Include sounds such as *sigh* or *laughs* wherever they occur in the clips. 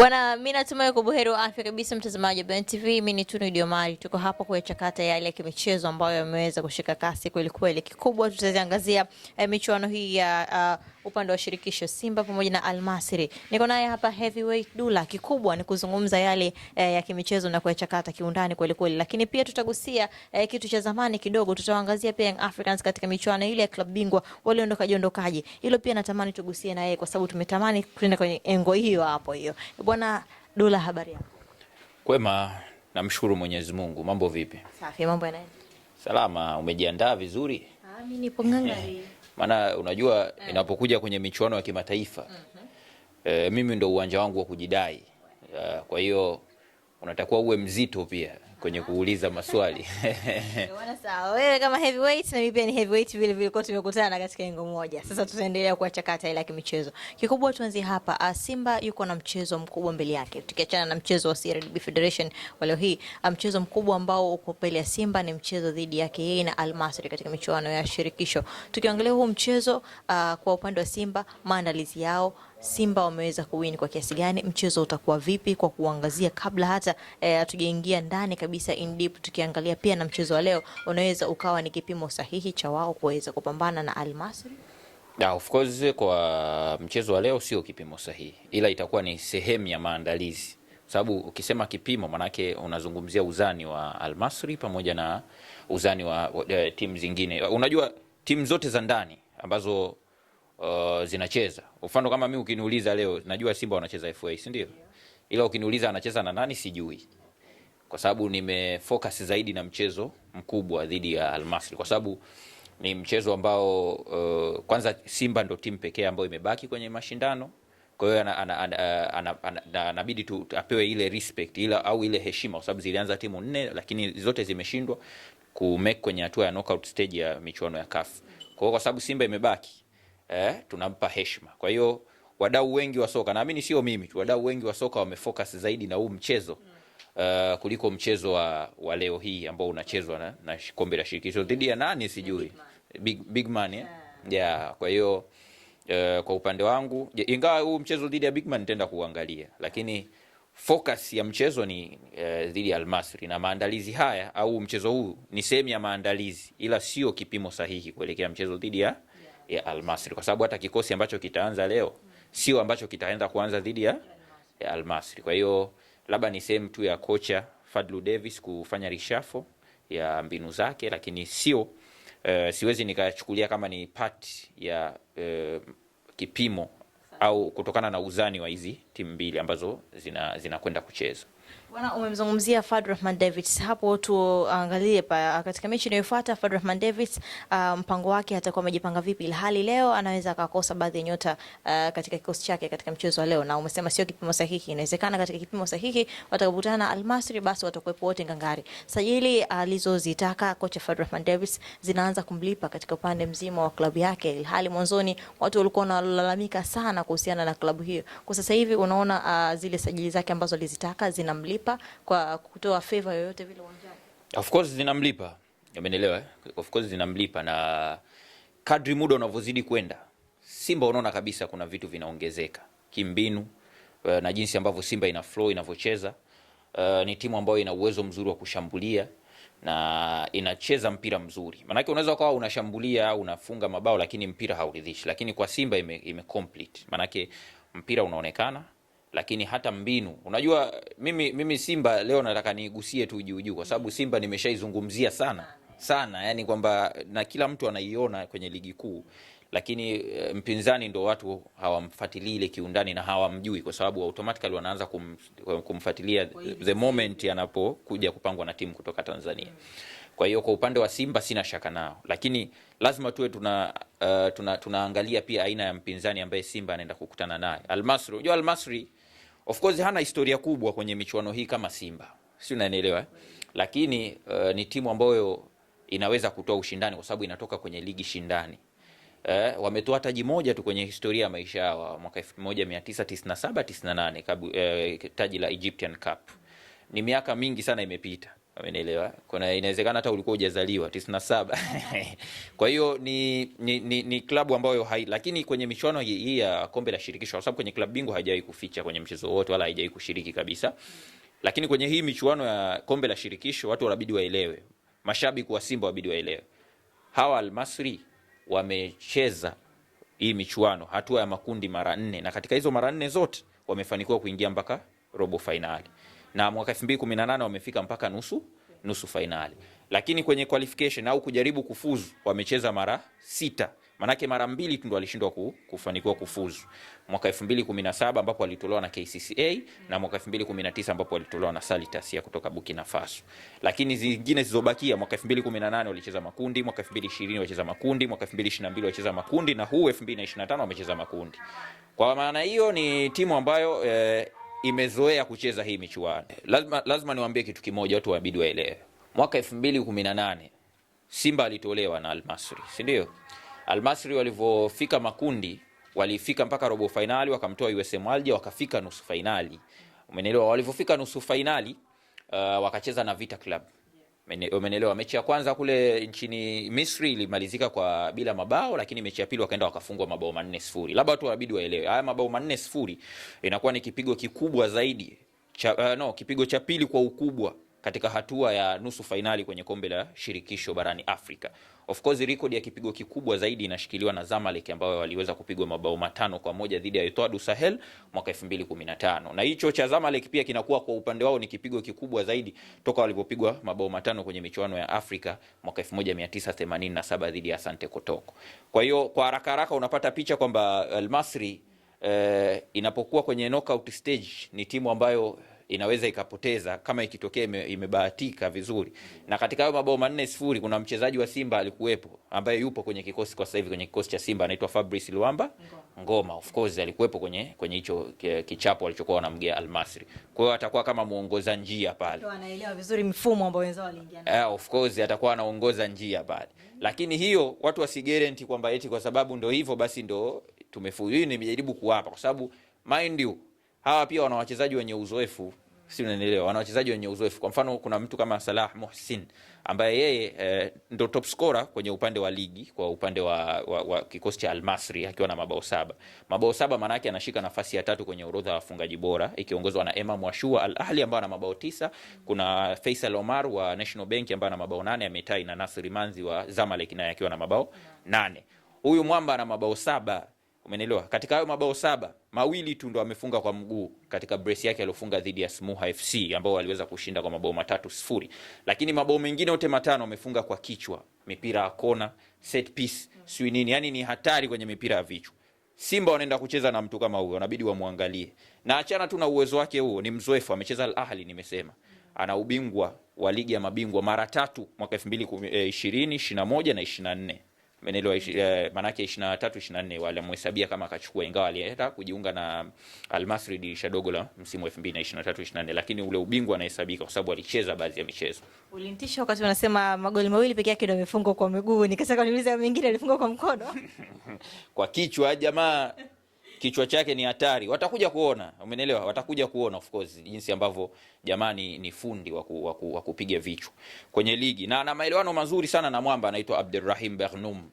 Bwana, mimi natumai uko buheri wa afya kabisa mtazamaji wa TV. Mimi ni Tunu Diomari, tuko hapa kuyachakata yale ya kimichezo ambayo yameweza kushika kasi kweli kweli. Kikubwa tutaziangazia eh, michuano hii ya uh, upande wa shirikisho Simba pamoja na Almasiri. Niko naye hapa Heavyweight Dula. Kikubwa ni kuzungumza yale eh, ya kimichezo na kuyachakata kiundani kweli kweli, lakini pia tutagusia eh, kitu cha zamani kidogo. Tutaangazia pia Young Africans katika michuano ile ya klabu bingwa waliondoka jondokaje, hilo pia natamani tugusie na yeye kwa sababu tumetamani kwenda kwenye engo hiyo hapo hiyo. Bwana Dula, habari yako? Kwema, namshukuru Mwenyezi Mungu. Mambo vipi? Safi, mambo yanaenda salama. Umejiandaa vizuri? Ah, mimi nipo ngangari. *laughs* maana unajua mm. inapokuja kwenye michuano ya kimataifa mm -hmm. e, mimi ndo uwanja wangu wa kujidai. Eh, kwa hiyo unatakiwa uwe mzito pia kwenye kuuliza maswali *laughs* Sawa, wewe kama heavyweight na mimi pia ni heavyweight vile vile, kwa tumekutana katika engo moja. Sasa tutaendelea kuachakata ila kimichezo kikubwa. Tuanze hapa, ah, Simba yuko na mchezo mkubwa mbele yake, tukiachana na mchezo wa CRDB Federation wa leo hii. Ah, mchezo mkubwa ambao uko mbele ya Simba ni mchezo dhidi yake yeye na Almasri katika michuano ya shirikisho. Tukiangalia huu mchezo uh, kwa upande wa Simba maandalizi yao Simba wameweza kuwin kwa kiasi gani, mchezo utakuwa vipi, kwa kuangazia kabla hata eh, hatujaingia eh, ndani kabisa in deep, tukiangalia pia na mchezo wa leo unaweza ukawa ni kipimo sahihi cha wao kuweza kupambana na Al Masry. Yeah, of course kwa mchezo wa leo sio kipimo sahihi, ila itakuwa ni sehemu ya maandalizi, sababu ukisema kipimo manake unazungumzia uzani wa Al Masry pamoja na uzani wa, wa, eh, wa timu zingine. Unajua timu zote za ndani ambazo uh, zinacheza. Mfano kama mimi ukiniuliza leo, najua Simba wanacheza FA, si ndio? Ila ukiniuliza anacheza na nani, sijui kwa sababu nimefocus zaidi na mchezo mkubwa dhidi ya Almasri kwa sababu ni mchezo ambao uh, kwanza Simba ndo timu pekee ambayo imebaki kwenye mashindano, kwa hiyo anabidi tu apewe ile respect ila au ile heshima, kwa sababu zilianza timu nne lakini zote zimeshindwa ku make kwenye hatua ya knockout stage ya michuano ya CAF. Kwa hiyo kwa sababu Simba imebaki eh, tunampa heshima. Kwa hiyo wadau wengi wa soka, naamini sio mimi tu, wadau wengi wa soka wamefocus zaidi na huu mchezo uh, kuliko mchezo wa, wa leo hii ambao unachezwa na, na kombe la shirikisho dhidi ya nani sijui big, big man eh? Yeah, kwa hiyo uh, kwa upande wangu ingawa huu mchezo dhidi ya big man nitaenda kuangalia, lakini focus ya mchezo ni uh, dhidi ya Almasri na maandalizi haya au mchezo huu ni sehemu ya maandalizi, ila sio kipimo sahihi kuelekea mchezo dhidi ya ya Almasri, kwa sababu hata kikosi ambacho kitaanza leo sio ambacho kitaenda kuanza dhidi ya ya Almasri. Kwa hiyo labda ni sehemu tu ya kocha Fadlu Davis kufanya rishafo ya mbinu zake, lakini sio uh, siwezi nikachukulia kama ni part ya uh, kipimo au kutokana na uzani wa hizi timu mbili ambazo zinakwenda zina kucheza. Bwana, umemzungumzia Fadlu Rahman Davids hapo, tuangalie katika mechi inayofuata Fadlu Rahman Davids uh, mpango wake atakuwa amejipanga vipi, ilhali leo anaweza akakosa baadhi ya nyota uh, katika kikosi chake katika mchezo wa leo, na umesema sio kipimo sahihi. Inawezekana katika kipimo sahihi watakapokutana na Almasri, basi watakuwepo wote ngangari. Sajili alizozitaka uh, kocha Fadlu Rahman Davids zinaanza kumlipa katika upande mzima wa klabu yake, ilhali mwanzoni watu walikuwa wanalalamika sana kuhusiana na klabu hiyo. Kwa sasa hivi unaona uh, zile sajili zake ambazo alizitaka zinamlipa kumlipa kwa kutoa favor yoyote vile uwanjani? Of course zinamlipa, umeelewa eh? Of course zinamlipa, na kadri muda unavyozidi kwenda, Simba unaona kabisa kuna vitu vinaongezeka kimbinu eh, na jinsi ambavyo Simba ina flow inavyocheza. Uh, ni timu ambayo ina uwezo mzuri wa kushambulia na inacheza mpira mzuri. Maanake unaweza ukawa unashambulia unafunga mabao lakini mpira hauridhishi, lakini kwa Simba ime, ime complete. Maanake mpira unaonekana lakini hata mbinu. Unajua mimi, mimi Simba leo nataka niigusie tu juu juu, kwa sababu Simba nimeshaizungumzia sana sana, yani kwamba na kila mtu anaiona kwenye ligi kuu, lakini eh, mpinzani ndo watu hawamfuatilii ile kiundani na hawamjui, kwa sababu automatically wanaanza kum, kumfuatilia the moment anapokuja kupangwa na timu kutoka Tanzania. Kwa hiyo kwa upande wa Simba sina shaka nao, lakini lazima tuwe tuna, uh, tuna tunaangalia pia aina ya mpinzani ambaye Simba anaenda kukutana naye. Almasri, unajua Almasri Of course hana historia kubwa kwenye michuano hii kama Simba, si unanielewa eh? Lakini uh, ni timu ambayo inaweza kutoa ushindani kwa sababu inatoka kwenye ligi shindani. Eh, wametoa taji moja tu kwenye historia ya maisha yao mwaka 1997 98, eh, taji la Egyptian Cup. Ni miaka mingi sana imepita. Amenielewa. Kuna inawezekana hata ulikuwa hujazaliwa 97. *laughs* Kwa hiyo ni ni, ni, ni klabu ambayo hai, lakini kwenye michuano hii ya kombe la shirikisho, kwa sababu kwenye klabu bingwa haijawahi kuficha kwenye mchezo wote wala haijawahi kushiriki kabisa, lakini kwenye hii michuano ya kombe la shirikisho watu wanabidi waelewe, mashabiki wa Simba wabidi waelewe, hawa Almasri wamecheza hii michuano hatua ya makundi mara nne, na katika hizo mara nne zote wamefanikiwa kuingia mpaka robo fainali na mwaka 2018 wamefika mpaka nusu nusu fainali, lakini kwenye qualification au kujaribu kufuzu wamecheza mara sita, manake mara mbili tu ndo walishindwa kufanikiwa kufuzu, mwaka 2017 ambapo walitolewa na KCCA na mwaka 2019 ambapo walitolewa na Salitas ya kutoka Burkina Faso. Lakini zingine zilizobakia, mwaka 2018 walicheza makundi, mwaka 2020 walicheza makundi, mwaka 2022 walicheza makundi na huu 2025 wamecheza makundi. Kwa maana hiyo ni timu ambayo eh, imezoea kucheza hii michuano. Lazima, lazima niwaambie kitu kimoja, watu wabidi waelewe. Mwaka nane Simba alitolewa na Almasri, sindio Almasri walivyofika makundi walifika mpaka robo fainali, wakamtoa USM Alger, wakafika nusu fainali, umeelewa? Walivyofika nusu fainali uh, wakacheza na Vita Club Umenelewa, mechi ya kwanza kule nchini Misri ilimalizika kwa bila mabao, lakini mechi ya pili wakaenda wakafungwa mabao manne sifuri. Labda watu wanabidi waelewe haya mabao manne sifuri inakuwa ni kipigo kikubwa zaidi cha, uh, no, kipigo cha pili kwa ukubwa katika hatua ya nusu fainali kwenye kombe la shirikisho barani Afrika. Of course record ya kipigo kikubwa zaidi inashikiliwa na Zamalek ambayo waliweza kupigwa mabao matano kwa moja dhidi ya Etoile du Sahel mwaka 2015. Na hicho cha Zamalek pia kinakuwa kwa upande wao ni kipigo kikubwa zaidi toka walipopigwa mabao matano kwenye michuano ya Afrika mwaka 1987 dhidi ya Asante Kotoko. Kwa hiyo kwa haraka haraka unapata picha kwamba Al Masry eh, inapokuwa kwenye knockout stage ni timu ambayo inaweza ikapoteza kama ikitokea imebahatika vizuri. Na katika hayo mabao manne sifuri kuna mchezaji wa Simba alikuwepo ambaye yupo kwenye kikosi kwa sasa hivi kwenye kikosi cha Simba anaitwa Fabrice Luamba Ngoma. Of course alikuwepo kwenye kwenye hicho eh, kichapo alichokuwa wanamgea Almasri. Kwa hiyo atakuwa kama muongoza njia pale. Anaelewa vizuri mfumo ambao wenzao waliingia nao. Eh, of course atakuwa anaongoza njia pale. Lakini hiyo watu wasigarenti kwamba eti kwa sababu ndio hivyo basi ndo tumefuyu. Nimejaribu kuwapa kwa sababu mind you hawa pia wana wachezaji wenye uzoefu, si unanielewa? Wana wachezaji wenye uzoefu. Kwa mfano kuna mtu kama Salah Mohsin ambaye yeye e, ndo top scorer kwenye upande wa ligi kwa upande wa, wa, wa kikosi cha Almasri akiwa na mabao saba. Mabao saba maana yake anashika nafasi ya tatu kwenye orodha ya wafungaji bora ikiongozwa na Emma Mwashua Al Ahli ambaye ana mabao tisa. Kuna Faisal Omar wa National Bank ambaye ana mabao nane, ametai na Nasri Manzi wa Zamalek naye akiwa na mabao nane. Huyu mwamba ana mabao saba Umenielewa? Katika hayo mabao saba mawili tu ndo amefunga kwa mguu katika brace yake aliyofunga dhidi ya Smuha FC ambao waliweza kushinda kwa mabao matatu sifuri, lakini mabao mengine yote matano amefunga kwa kichwa, mipira ya kona, set piece, sio nini, yani ni hatari kwenye mipira ya vichwa. Simba wanaenda kucheza na mtu kama huyo, wanabidi wamwangalie, na achana tu na uwezo wake huo, ni mzoefu, amecheza Al Ahli, nimesema ana ubingwa wa ligi ya mabingwa mara tatu mwaka 2020, 21 eh, na 24. Menelo eh, manake 23 24 walimhesabia kama akachukua, ingawa alienda kujiunga na almasri dirisha dogo la msimu wa 2023 24, lakini ule ubingwa anahesabika kwa sababu alicheza baadhi ya michezo. Ulinitisha wakati unasema magoli mawili peke yake ndio amefungwa kwa miguu, nikasaka niulize mengine alifungwa kwa mkono *laughs* kwa kichwa jamaa kichwa chake ni hatari. Watakuja kuona, umenielewa? Watakuja kuona of course jinsi ambavyo jamani ni fundi wa kupiga vichwa kwenye ligi, na ana maelewano mazuri sana na mwamba anaitwa Abdurrahim Bernum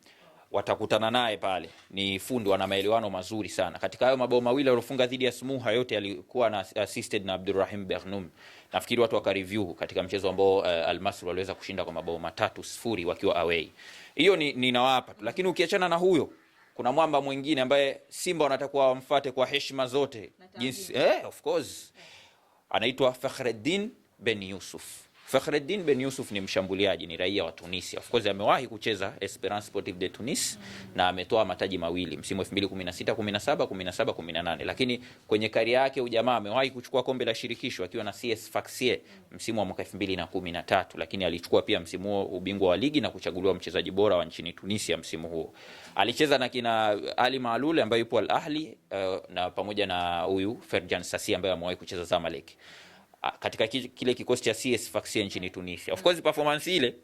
watakutana naye pale, ni fundi, wana maelewano mazuri sana. Katika hayo mabao mawili aliofunga dhidi ya Smuha, yote alikuwa na assisted na Abdurrahim Bernum. Nafikiri watu wakareview katika mchezo ambao uh, al waliweza kushinda kwa mabao matatu sifuri wakiwa away. Hiyo ninawapa ni tu, lakini ukiachana na huyo kuna mwamba mwingine ambaye Simba wanatakuwa wamfate kwa heshima zote jinsi, eh, of course, anaitwa Fakhreddin Ben Yusuf. Fakhreddin Ben Yusuf ni mshambuliaji, ni raia wa Tunisia. Of course amewahi kucheza Esperance Sportive de Tunis na ametoa mataji mawili msimu 2016 17 17 18, lakini kwenye karia yake ujamaa amewahi kuchukua kombe la shirikisho akiwa na CS Sfaxien msimu wa mwaka 2013, lakini alichukua pia msimu huo ubingwa wa ligi na kuchaguliwa mchezaji bora wa nchini Tunisia msimu huo. Alicheza na kina Ali Maalul ambaye yupo Al Ahli, uh, na pamoja na huyu Ferjan Sasi ambaye amewahi kucheza Zamalek katika kile kikosi cha CS Sfaxien nchini Tunisia. Of course performance ile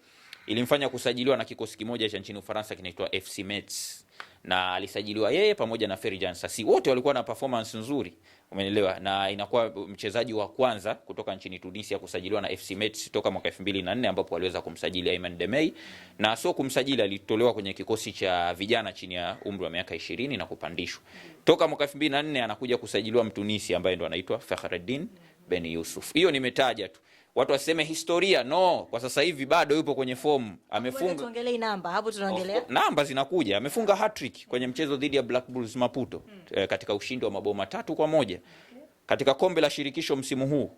ilimfanya kusajiliwa na kikosi kimoja cha nchini Ufaransa kinaitwa FC Metz na alisajiliwa yeye pamoja na Ferjan Sassi, wote walikuwa na performance nzuri, umeelewa, na inakuwa mchezaji wa kwanza kutoka nchini Tunisia kusajiliwa na FC Metz toka mwaka 2004 ambapo waliweza kumsajili Ayman Demey, na sio kumsajili, alitolewa kwenye kikosi cha vijana chini ya umri wa miaka 20 na kupandishwa. Toka mwaka 2004 anakuja kusajiliwa Mtunisia ambaye ndo anaitwa Fakhreddin Fakhreddine Ben Yusuf. Hiyo nimetaja tu, watu waseme historia no, kwa sasa hivi bado yupo kwenye fomu, amefunga tuongelee namba hapo, tunaongelea namba zinakuja. Amefunga hat kwenye mchezo dhidi ya Black Bulls Maputo hmm. E, katika ushindi wa mabao matatu kwa moja okay. Katika kombe la shirikisho msimu huu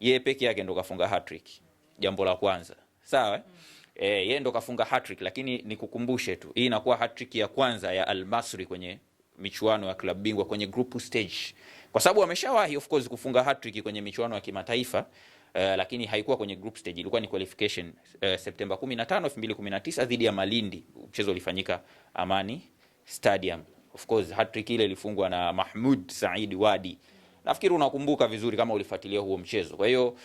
yeye peke yake ndo kafunga hat jambo la kwanza sawa hmm. E, yeye ndo kafunga hat lakini nikukumbushe tu hii inakuwa hat ya kwanza ya Al Masry kwenye michuano ya klabu bingwa kwenye group stage kwa sababu ameshawahi of course kufunga hattrick kwenye michuano ya kimataifa uh, lakini haikuwa kwenye group stage, ilikuwa ni qualification uh, Septemba 15, 2019 dhidi ya Malindi. Mchezo ulifanyika Amani Stadium. Of course hattrick ile ilifungwa na Mahmud Said Wadi. Nafikiri unakumbuka vizuri kama ulifuatilia huo mchezo. Kwa hiyo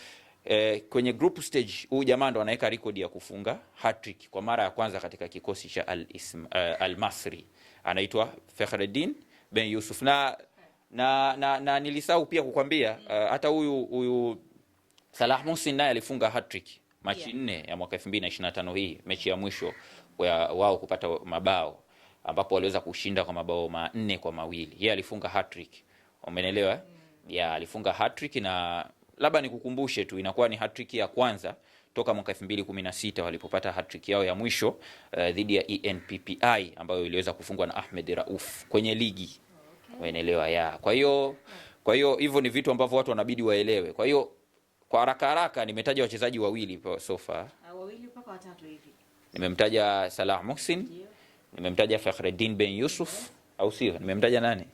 eh, kwenye group stage huyu jamaa ndo anaweka rekodi ya kufunga hattrick kwa mara ya kwanza katika kikosi cha eh, Al-Masri. Uh, Al anaitwa Fakhreddin Ben Yusuf na na, na, na nilisahau pia kukwambia mm-hmm. uh, hata huyu huyu Salah Muhsin naye alifunga hattrick trick yeah. nne ya mwaka 2025 hii mechi ya mwisho wao kupata mabao ambapo waliweza kushinda kwa mabao manne kwa mawili. Yeye alifunga hattrick. Umeelewa? Mm. Mm-hmm. Ya alifunga hattrick na labda nikukumbushe tu inakuwa ni hattrick ya kwanza toka mwaka 2016 walipopata hattrick yao ya mwisho uh, dhidi ya ENPPI ambayo iliweza kufungwa na Ahmed Rauf kwenye ligi Unaelewa ya. Kwa hiyo kwa hiyo hivyo ni vitu ambavyo watu wanabidi waelewe. Kwa hiyo kwa haraka haraka nimetaja wachezaji wawili so far. Ah, wawili mpaka watatu hivi. Nimemtaja Salah Muhsin. Nimemtaja Fakhreddin Ben Yusuf, au sio? Nimemtaja nani?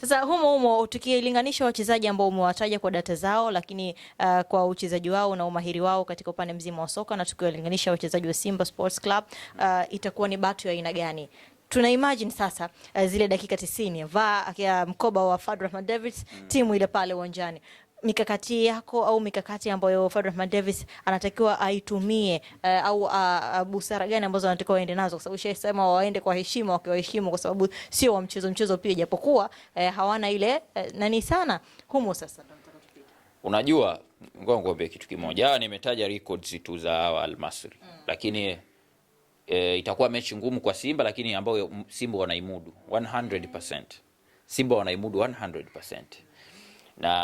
Sasa humo humo tukilinganisha wachezaji ambao umewataja kwa data zao, lakini uh, kwa uchezaji wao na umahiri wao katika upande mzima wa soka na tukiwalinganisha wachezaji wa Simba Sports Club uh, itakuwa ni batu ya aina gani? Tuna imagine sasa uh, zile dakika 90 vaa mkoba wa Fadlu Davids, mm. timu ile pale uwanjani mikakati yako au mikakati ambayo Fadlu Rahman Davis anatakiwa aitumie uh, au uh, busara gani ambazo anatakiwa aende nazo, kwa sababu shasema waende kwa heshima, wakiwaheshimu kwa sababu sio wa mchezo mchezo pia, japokuwa uh, hawana ile uh, nani sana humo. Sasa unajua, ngoja ngombe kitu kimoja, ah, nimetaja records tu za hawa Al mm, lakini e, itakuwa mechi ngumu kwa Simba, lakini ambayo Simba wanaimudu 100%. Simba wanaimudu 100% na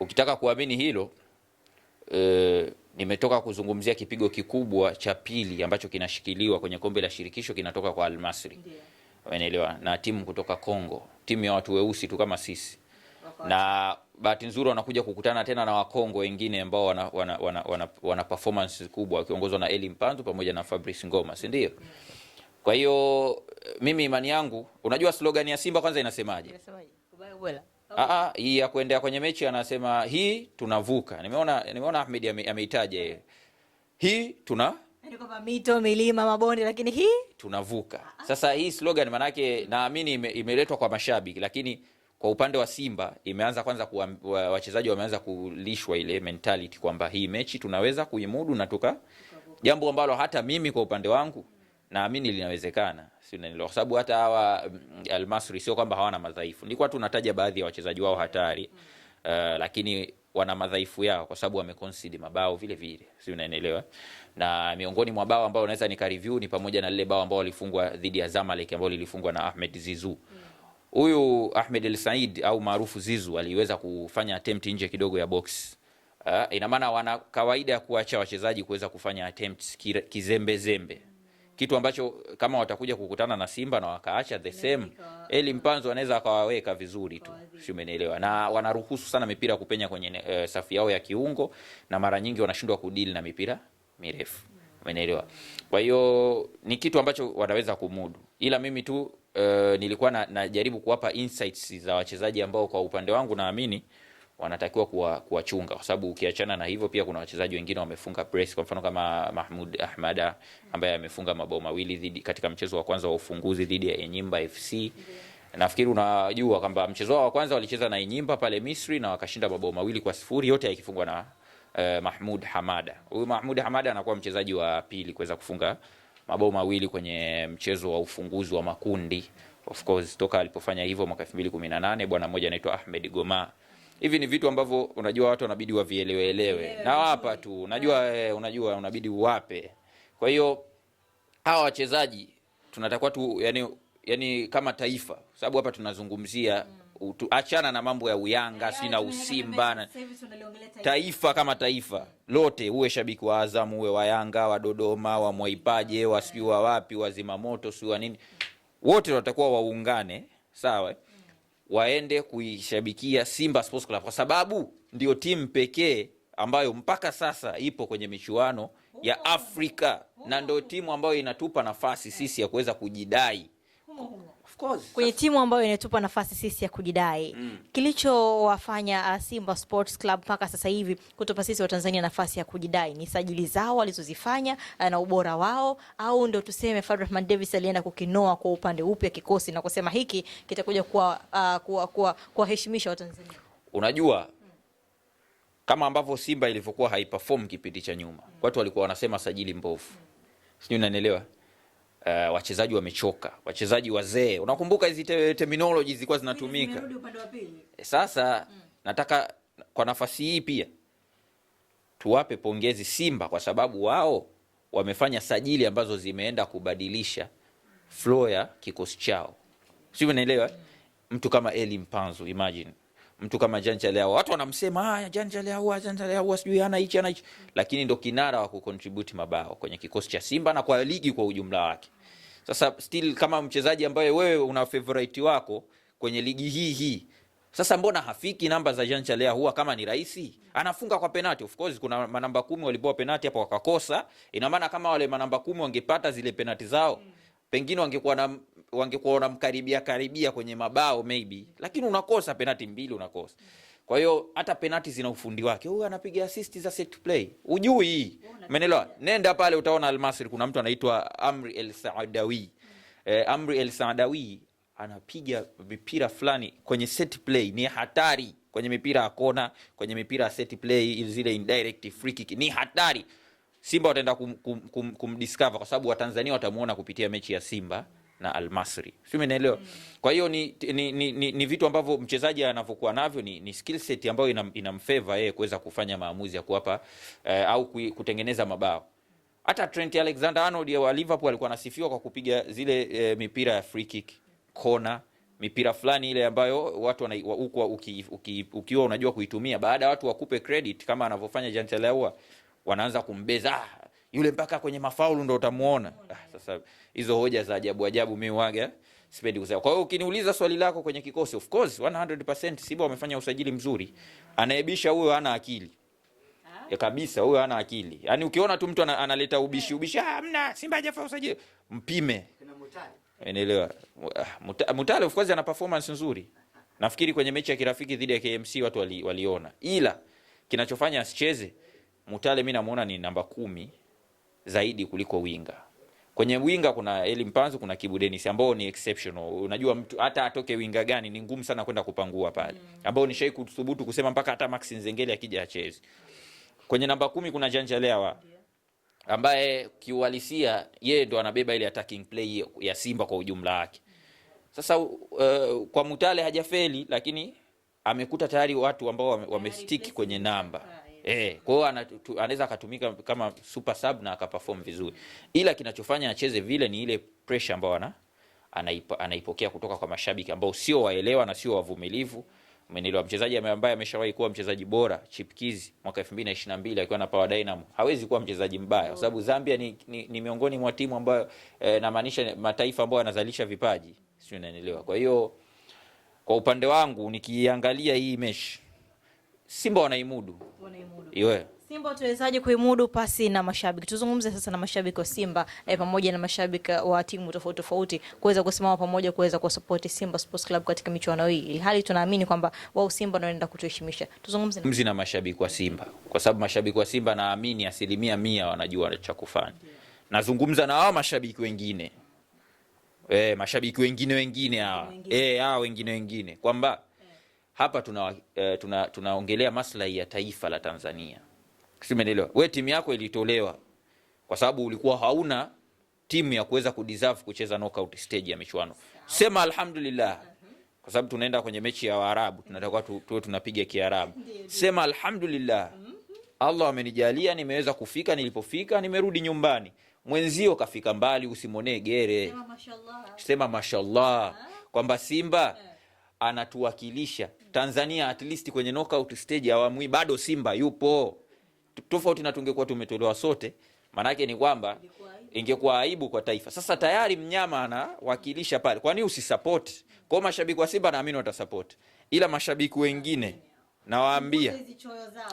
ukitaka kuamini hilo e, nimetoka kuzungumzia kipigo kikubwa cha pili ambacho kinashikiliwa kwenye kombe la shirikisho kinatoka kwa Almasri, umeelewa, na timu kutoka Kongo, timu ya watu weusi tu kama sisi na bahati nzuri wanakuja kukutana tena na Wakongo wengine ambao wana, wana, wana, wana, wana performance kubwa wakiongozwa na Eli Mpanzu pamoja na Fabrice Ngoma, si ndio? Kwa hiyo mimi imani yangu, unajua slogan ya Simba kwanza inasemaje? Inasemaje? ubaya ubora Ah, ah, hii ya kuendea kwenye mechi anasema hii tunavuka. Nimeona nimeona Ahmed ameitaja eh. Hii tuna yaani mito, milima, mabonde lakini hii tunavuka. Ah, ah. Sasa hii slogan manake naamini ime, imeletwa kwa mashabiki lakini kwa upande wa Simba imeanza kwanza, wachezaji wameanza kulishwa ile mentality kwamba hii mechi tunaweza kuimudu na tuka, jambo ambalo hata mimi kwa upande wangu naamini linawezekana, si Kwa sababu hata hawa mm, Almasri sio kwamba hawana madhaifu, nilikuwa tu nataja baadhi ya wachezaji wao hatari mm. Uh, lakini wana madhaifu yao kwa sababu wameconcede mabao vile vile, si unaelewa? Na miongoni mwa bao ambao naweza nikareview ni pamoja na lile bao ambao walifungwa dhidi ya Zamalek ambao lilifungwa na Ahmed Zizou mm. huyu mm. Ahmed El Said au maarufu Zizou aliweza kufanya attempt nje kidogo ya box. Uh, ina maana wana kawaida ya kuacha wachezaji kuweza kufanya attempts kizembe zembe mm kitu ambacho kama watakuja kukutana na Simba na wakaacha the same, Eli Mpanzo anaweza akawaweka vizuri tu, si umenielewa? Na wanaruhusu sana mipira kupenya kwenye e, safu yao ya kiungo, na mara nyingi wanashindwa kudili na mipira mirefu, mm. umenielewa? Kwa hiyo ni kitu ambacho wanaweza kumudu, ila mimi tu e, nilikuwa najaribu na kuwapa insights za wachezaji ambao kwa upande wangu naamini wanatakiwa kuwachunga kuwa, kwa sababu ukiachana na hivyo pia kuna wachezaji wengine wamefunga press, kwa mfano kama Mahmud Ahmada hmm. ambaye amefunga mabao mawili dhidi katika mchezo wa kwanza wa ufunguzi dhidi ya Enyimba FC Nafikiri unajua kwamba mchezo wa kwanza walicheza na Enyimba pale Misri na wakashinda mabao mawili kwa sifuri yote yakifungwa na uh, eh, Mahmud Hamada. Huyu Mahmud Hamada anakuwa mchezaji wa pili kuweza kufunga mabao mawili kwenye mchezo wa ufunguzi wa makundi. Of course toka alipofanya hivyo mwaka 2018 bwana mmoja anaitwa Ahmed Goma hivi ni vitu ambavyo unajua watu wanabidi wavieleweelewe na wapa tu, unajua ah. eh, unajua unabidi uwape. Kwa hiyo hawa wachezaji tunatakiwa tu yani, yani kama taifa, sababu hapa tunazungumzia mm. utu, achana na mambo ya uyanga yaani si na usimba na taifa kama taifa lote, uwe shabiki wa Azamu uwe wa Yanga wa Dodoma wa Mwaipaje wa sijui wa eh. wapi wa Zimamoto sijui wa nini, wote watakuwa waungane, sawa waende kuishabikia Simba Sports Club kwa sababu ndio timu pekee ambayo mpaka sasa ipo kwenye michuano ya Afrika na ndio timu ambayo inatupa nafasi sisi ya kuweza kujidai course, kwenye timu ambayo inatupa nafasi sisi ya kujidai mm. Kilichowafanya uh, Simba Sports Club mpaka sasa hivi kutupa sisi Watanzania nafasi ya kujidai ni sajili zao walizozifanya ah, na ubora wao, au ndio tuseme Fadrahman Davis alienda kukinoa kwa upande upi ya kikosi na kusema hiki kitakuja ah, kuwa kuwaheshimisha Watanzania? Unajua kama ambavyo Simba ilivyokuwa haiperform kipindi cha nyuma, watu walikuwa wanasema sajili mbovu, sijui unanielewa uh, wachezaji wamechoka, wachezaji wazee. Unakumbuka hizi te terminology zilikuwa zinatumika. Eh, sasa mm. nataka kwa nafasi hii pia tuwape pongezi Simba kwa sababu wao wamefanya sajili ambazo zimeenda kubadilisha flow ya kikosi chao, sivyo? Naelewa mm. mtu kama Eli Mpanzu, imagine mtu kama Janja Leao, watu wanamsema ah, Janja Leao, Janja Leao, sijui ana hichi ana hichi, mm. lakini ndo kinara wa kucontribute mabao kwenye kikosi cha Simba na kwa ligi kwa ujumla wake. Sasa still kama mchezaji ambaye wewe una favorite wako kwenye ligi hii hii sasa mbona hafiki namba za Jean Chalea? Huwa kama ni rahisi anafunga kwa penati. Of course kuna manamba kumi walipoa penati hapo wakakosa. Ina maana kama wale manamba kumi wangepata zile penati zao, mm. pengine wangekuwa na wangekuwa wanamkaribia karibia kwenye mabao maybe, lakini unakosa penati mbili unakosa mm. Kwa hiyo hata penati zina ufundi wake. Huyu anapiga assist za set play. Ujui. Umeelewa? Nenda pale utaona almasri kuna mtu anaitwa Amri El Saadawi. Hmm. Eh, Amri El Saadawi anapiga mipira fulani kwenye set play ni hatari. Kwenye mipira ya kona, kwenye mipira ya set play, zile indirect free kick ni hatari. Simba wataenda kumdiscover kum, kum, kum kwa sababu Watanzania watamuona kupitia mechi ya Simba na Almasri, sio umeelewa? Mm. Kwa hiyo ni, ni, ni, ni, ni vitu ambavyo mchezaji anavyokuwa navyo ni, ni skill set ambayo inam, inamfavor yeye kuweza kufanya maamuzi ya kuwapa eh, au kutengeneza mabao. Hata Trent Alexander-Arnold wa Liverpool alikuwa anasifiwa kwa kupiga zile eh, mipira ya free kick, kona, mipira fulani ile ambayo watu huku uki, uki, ukiwa unajua kuitumia, baada ya watu wakupe credit kama anavyofanya Janteleaua, wanaanza kumbeza yule mpaka kwenye mafaulu ndo utamuona. Ah, sasa hizo hoja za ajabu ajabu mi waga sipendi kusema. Kwa hiyo ukiniuliza swali lako kwenye kikosi, of course 100% Simba wamefanya usajili mzuri. Anaebisha huyo hana akili. Ah? Ya kabisa huyo hana akili. Yani ukiona tu mtu analeta ubishi eh. ubishi, ah, mna Simba hajafanya usajili. Mpime. Unaelewa? Ah, Mutale of course ana performance nzuri. Nafikiri kwenye mechi ya kirafiki dhidi ya KMC watu waliona. Ila kinachofanya asicheze Mutale mimi namuona ni namba kumi zaidi kuliko winga. Kwenye winga kuna Eli Mpanzu, kuna Kibu Denis ambao ni exceptional. Unajua mtu hata atoke winga gani ni ngumu sana kwenda kupangua pale. Mm. Ambao nishai kuthubutu kusema mpaka hata Max Nzengeli akija acheze. Kwenye namba kumi kuna Janja Lewa ambaye kiuhalisia yeye ndo anabeba ile attacking play ya Simba kwa ujumla wake. Sasa uh, kwa Mutale hajafeli lakini amekuta tayari watu ambao wamestiki wame kwenye namba eh. Kwa hiyo anaweza akatumika kama super sub na akaperform vizuri, ila kinachofanya acheze vile ni ile pressure ambayo ana anaipo, anaipokea kutoka kwa mashabiki ambao sio waelewa na sio wavumilivu. Umenielewa? Mchezaji ambaye ameshawahi kuwa mchezaji bora chipkizi mwaka 2022 akiwa na Power Dynamo hawezi kuwa mchezaji mbaya, kwa sababu Zambia ni, ni, ni miongoni mwa timu ambayo eh, namaanisha mataifa ambayo yanazalisha vipaji, sio? Unanielewa? Kwa hiyo kwa upande wangu nikiangalia hii mechi Simba wanaimudu. Wanaimudu. Iwe. Simba tuwezaje kuimudu pasi na mashabiki? Tuzungumze sasa na mashabiki wa Simba eh, pamoja na mashabiki wa timu tofauti tofauti kuweza kusimama pamoja kuweza kusupport Simba Sports Club katika michuano hii. Ili hali tunaamini kwamba wao Simba wanaenda kutuheshimisha. Tuzungumze na, na mashabiki wa Simba kwa sababu mashabiki wa Simba naamini asilimia mia wanajua cha kufanya. Nazungumza na hao mashabiki wengine. Eh, mashabiki wengine wengine hawa. Eh, wengine wengine kwamba hapa eh, tunaongelea uh, tuna, tuna maslahi ya taifa la Tanzania. Simenelewa? We timu yako ilitolewa kwa sababu ulikuwa hauna timu ya kuweza kudeserve kucheza knockout stage ya michuano. Sema alhamdulillah kwa sababu tunaenda kwenye mechi ya Waarabu, tunatakiwa tuwe tunapiga Kiarabu. Sema alhamdulillah, Allah amenijalia nimeweza kufika nilipofika, nimerudi nyumbani. Mwenzio kafika mbali, usimonee gere, sema mashallah kwamba Simba eh anatuwakilisha Tanzania at least kwenye knockout stage awamu bado Simba yupo, tofauti na tungekuwa tumetolewa sote, maanake ni kwamba ingekuwa aibu kwa taifa. Sasa tayari mnyama anawakilisha pale, kwanii usisapoti? Kwao mashabiki wa Simba naamini watasapoti, ila mashabiki wengine nawaambia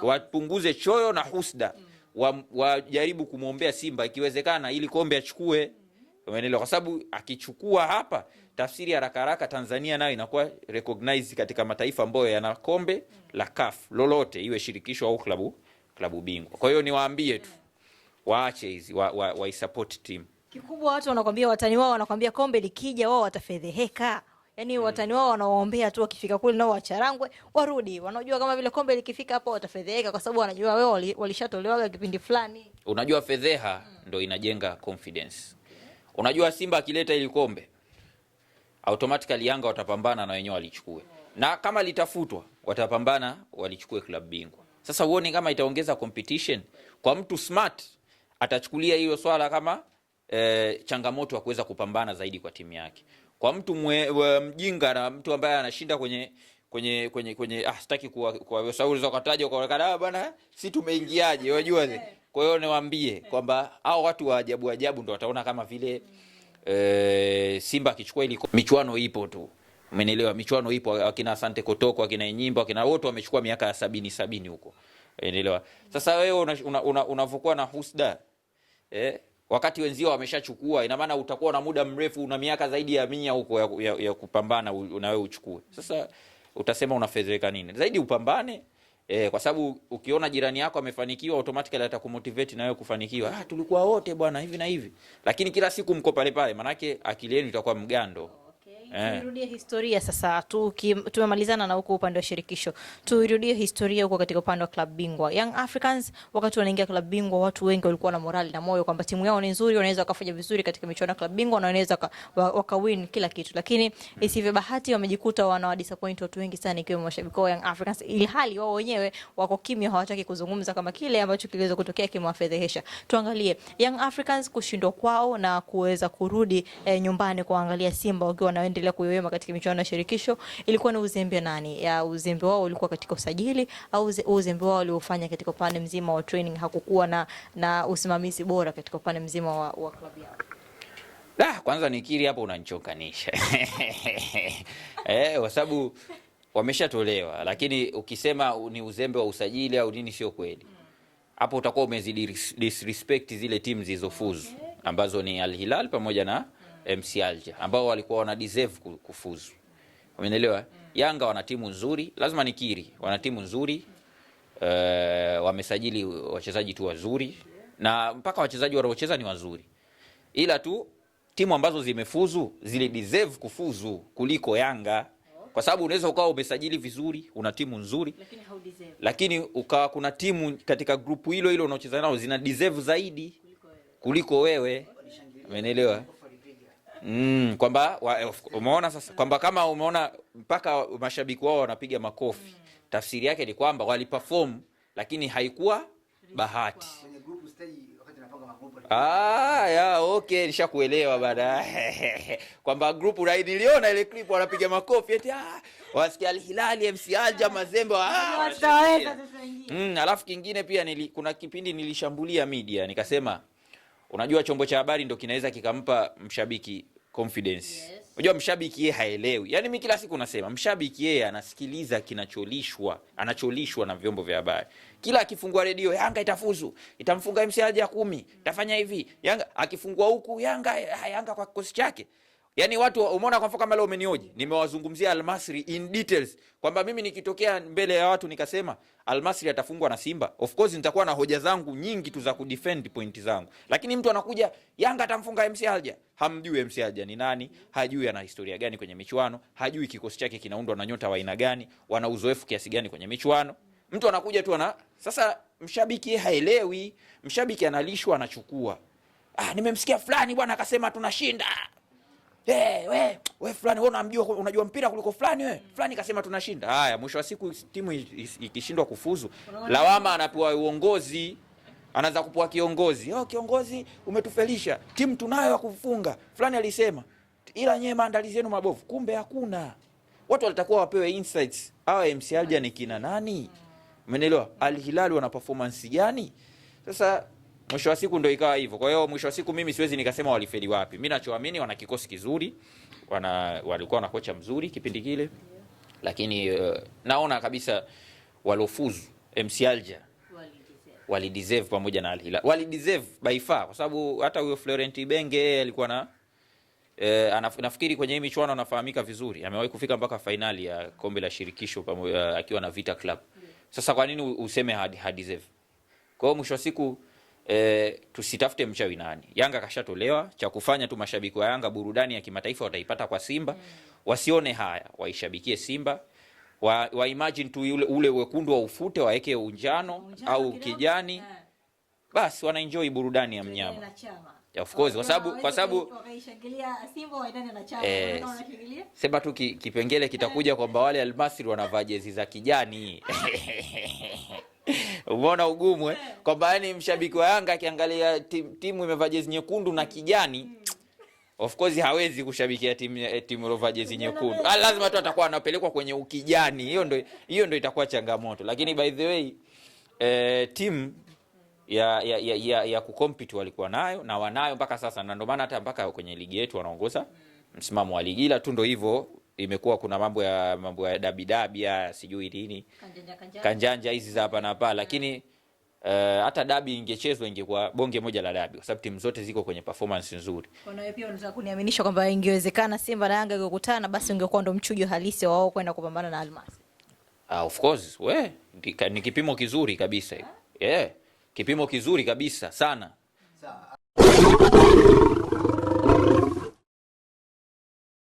wapunguze choyo na husda, mm. wajaribu kumwombea Simba ikiwezekana, ili kombe achukue. Umeelewa? Kwa sababu akichukua hapa tafsiri haraka haraka, Tanzania nayo inakuwa recognize katika mataifa ambayo yana kombe la CAF lolote, iwe shirikisho au klabu klabu bingwa. Kwa hiyo niwaambie tu waache hizi wa, wa, wa support team. Kikubwa watu wanakwambia, watani wao wanakwambia kombe likija wao watafedheheka. Yani mm. watani wao wanaoombea tu wakifika kule nao wacharangwe warudi. Wanajua kama vile kombe likifika hapo watafedheheka kwa sababu wanajua wao walishatolewa kipindi fulani. Unajua fedheha mm, ndo inajenga confidence. Unajua Simba akileta ili kombe automatically Yanga watapambana na wenyewe walichukue, na kama litafutwa watapambana walichukue klabu bingwa. Sasa uone kama itaongeza competition kwa mtu smart, atachukulia hilo swala kama e, changamoto ya kuweza kupambana zaidi kwa timu yake. Kwa mtu mwe, mwe, mjinga na mtu ambaye anashinda kwenye kwenye kwenye kwenye ah, sitaki kuwa kwa sababu unaweza kutaja kwa ah, bwana, si tumeingiaje? Unajua kwa hiyo niwaambie kwamba hao watu wa ajabu ajabu ndo wataona kama vile e, Simba akichukua ile michuano ipo tu. Umenielewa? Michuano ipo, akina Asante Kotoko, akina Enyimba, akina wote wamechukua miaka ya sabini sabini huko. Umenielewa? Sasa wewe unavyokuwa una, una na husda eh, wakati wenzio wameshachukua, ina maana utakuwa na muda mrefu, una miaka zaidi ya mia huko ya, ya, ya kupambana na wewe uchukue. Sasa utasema unafedheka nini? Zaidi upambane. E, kwa sababu ukiona jirani yako amefanikiwa automatically atakumotivate na wewe kufanikiwa. Ah, tulikuwa wote bwana hivi na hivi. Lakini kila siku mko pale pale, manake akili yenu itakuwa mgando. Eh. tuirudie historia sasa, tu, tumemalizana na huko upande wa shirikisho, tuirudie historia huko katika upande wa klabu bingwa. Young Africans wakati wanaingia klabu bingwa, watu wengi walikuwa na morali na moyo kwamba timu yao ni nzuri, wanaweza wakafanya vizuri katika michuano ya klabu bingwa na wanaweza wakawin kila kitu, lakini isivyo bahati wamejikuta wana disappoint watu wengi sana, ikiwemo mashabiki wa Young Africans, ilhali wao wenyewe wako kimya, hawataki kuzungumza kama kile ambacho kiliweza kutokea kimewafedhehesha. Tuangalie Young Africans kushindwa kwao na kuweza kurudi eh, nyumbani kuangalia Simba wakiwa wanaendelea kuendelea kuyoyoma katika michuano ya shirikisho. Ilikuwa ni uzembe nani? Ya uzembe wao ulikuwa katika usajili au uzembe wao waliofanya katika upande mzima wa training? Hakukuwa na, na usimamizi bora katika upande mzima wa, wa klabu yao. Da, kwanza nikiri hapo unanichokanisha *laughs* eh, kwa sababu wameshatolewa, lakini ukisema ni uzembe wa usajili au nini, sio kweli hapo, utakuwa umezidi disrespect zile timu zilizofuzu ambazo ni Al Hilal pamoja na MC Alger ambao walikuwa wana deserve kufuzu. Umeelewa? Mm. Yanga wana timu nzuri, lazima nikiri, wana timu nzuri. Uh, wamesajili wachezaji tu wazuri na mpaka wachezaji waliocheza ni wazuri, ila tu timu ambazo zimefuzu zili deserve kufuzu kuliko Yanga, kwa sababu unaweza ukawa umesajili vizuri, una timu nzuri lakini hau deserve, lakini ukawa kuna timu katika grupu hilo hilo unaocheza nao zina deserve zaidi kuliko wewe, umeelewa? Mm, kwamba umeona sasa kwamba kama umeona mpaka mashabiki wao wanapiga makofi mm. Tafsiri yake ni kwamba waliperform lakini haikuwa bahati. Ah, ya okay, nishakuelewa bana *laughs* kwamba group ride niliona ile clip wanapiga makofi eti ah, wasikia Al MC Alja Mazembe ah, mm, alafu kingine pia nili, kuna kipindi nilishambulia media nikasema, unajua chombo cha habari ndio kinaweza kikampa mshabiki confidence. Unajua yes. Mshabiki yeye haelewi. Yaani mimi kila siku nasema mshabiki yeye anasikiliza kinacholishwa, anacholishwa na vyombo vya habari. Kila akifungua redio Yanga itafuzu, itamfunga MC Alger kumi, itafanya hivi. Yanga akifungua huku Yanga ah, Yanga kwa kikosi chake Yaani watu umeona kwa mfano kama leo umenioji, nimewazungumzia Almasri in details kwamba mimi nikitokea mbele ya watu nikasema Almasri atafungwa na Simba. Of course nitakuwa na hoja zangu nyingi tu za kudefend pointi zangu. Lakini mtu anakuja Yanga atamfunga MC Alja. Hamjui MC Alja ni nani, hajui ana historia gani kwenye michuano, hajui kikosi chake kinaundwa na nyota wa aina gani, wana uzoefu kiasi gani kwenye michuano. Mtu anakuja tu ana sasa mshabiki haelewi, mshabiki analishwa anachukua. Ah, nimemsikia fulani bwana akasema tunashinda hey, eh, we we fulani unamjua unajua mpira kuliko fulani wewe mm. fulani kasema tunashinda. Haya, mwisho wa siku timu ikishindwa kufuzu, lawama anapewa uongozi, anaanza kupewa kiongozi. Oh, kiongozi umetufelisha, timu tunayo ya kufunga, fulani alisema, ila nyewe maandalizi yenu mabovu. Kumbe hakuna watu walitakuwa wapewe insights. MC ni kina nani? Mm. Umeelewa? Al Hilal wana performance gani? Sasa Mwisho wa siku ndio ikawa hivyo. Kwa hiyo mwisho wa siku mimi siwezi nikasema walifeli wapi. Mimi nachoamini wana kikosi kizuri, wana walikuwa na kocha mzuri kipindi kile, lakini uh, naona kabisa walofuzu MC Alger deserve pamoja na Al Hilal deserve by far, kwa sababu hata huyo Florent Ibenge alikuwa na eh, anaf, nafikiri kwenye hii michuano anafahamika vizuri, amewahi kufika mpaka fainali ya kombe la shirikisho pamoja akiwa na Vita Club. Hmm. Sasa kwa nini useme hadi deserve? Kwa hiyo mwisho wa siku e, tusitafute mchawi nani. Yanga kashatolewa, cha kufanya tu mashabiki wa Yanga burudani ya kimataifa wataipata kwa Simba mm. Wasione haya, waishabikie Simba wa, wa imagine tu ule, ule wekundu wa ufute waeke unjano, unjano au kijani yeah. Basi wana enjoy burudani ya mnyama of course, kwa sababu kwa sababu eh, sema tu kipengele kitakuja kwamba wale Almasri wanavaa jezi za kijani *laughs* Umeona ugumu eh? Kwamba yani mshabiki wa Yanga akiangalia tim, timu imevaa jezi nyekundu na kijani Of course hawezi kushabikia timu eh, timu iliyovaa jezi nyekundu. Ah, lazima tu atakuwa anapelekwa kwenye ukijani. Hiyo ndio hiyo ndio itakuwa changamoto. Lakini by the way eh, timu ya ya ya, ya, ya kucompete walikuwa nayo na wanayo mpaka sasa na ndio maana hata mpaka kwenye ligi yetu wanaongoza msimamo wa ligi ila tu ndio hivyo imekuwa kuna mambo ya mambo ya dabidabi dabidabia sijui nini kanjanja hizi za hapa na pa mm. lakini uh, hata dabi ingechezwa ingekuwa bonge moja la dabi, kwa sababu timu zote ziko kwenye performance nzuri. Kwa hiyo pia unaweza kuniaminisha kwamba ingewezekana Simba na Yanga ingekutana, basi ungekuwa ndo mchujo halisi wao kwenda kupambana na Almasi. Uh, ah, of course we ni kipimo kizuri kabisa eh? yeah, kipimo kizuri kabisa sana Sa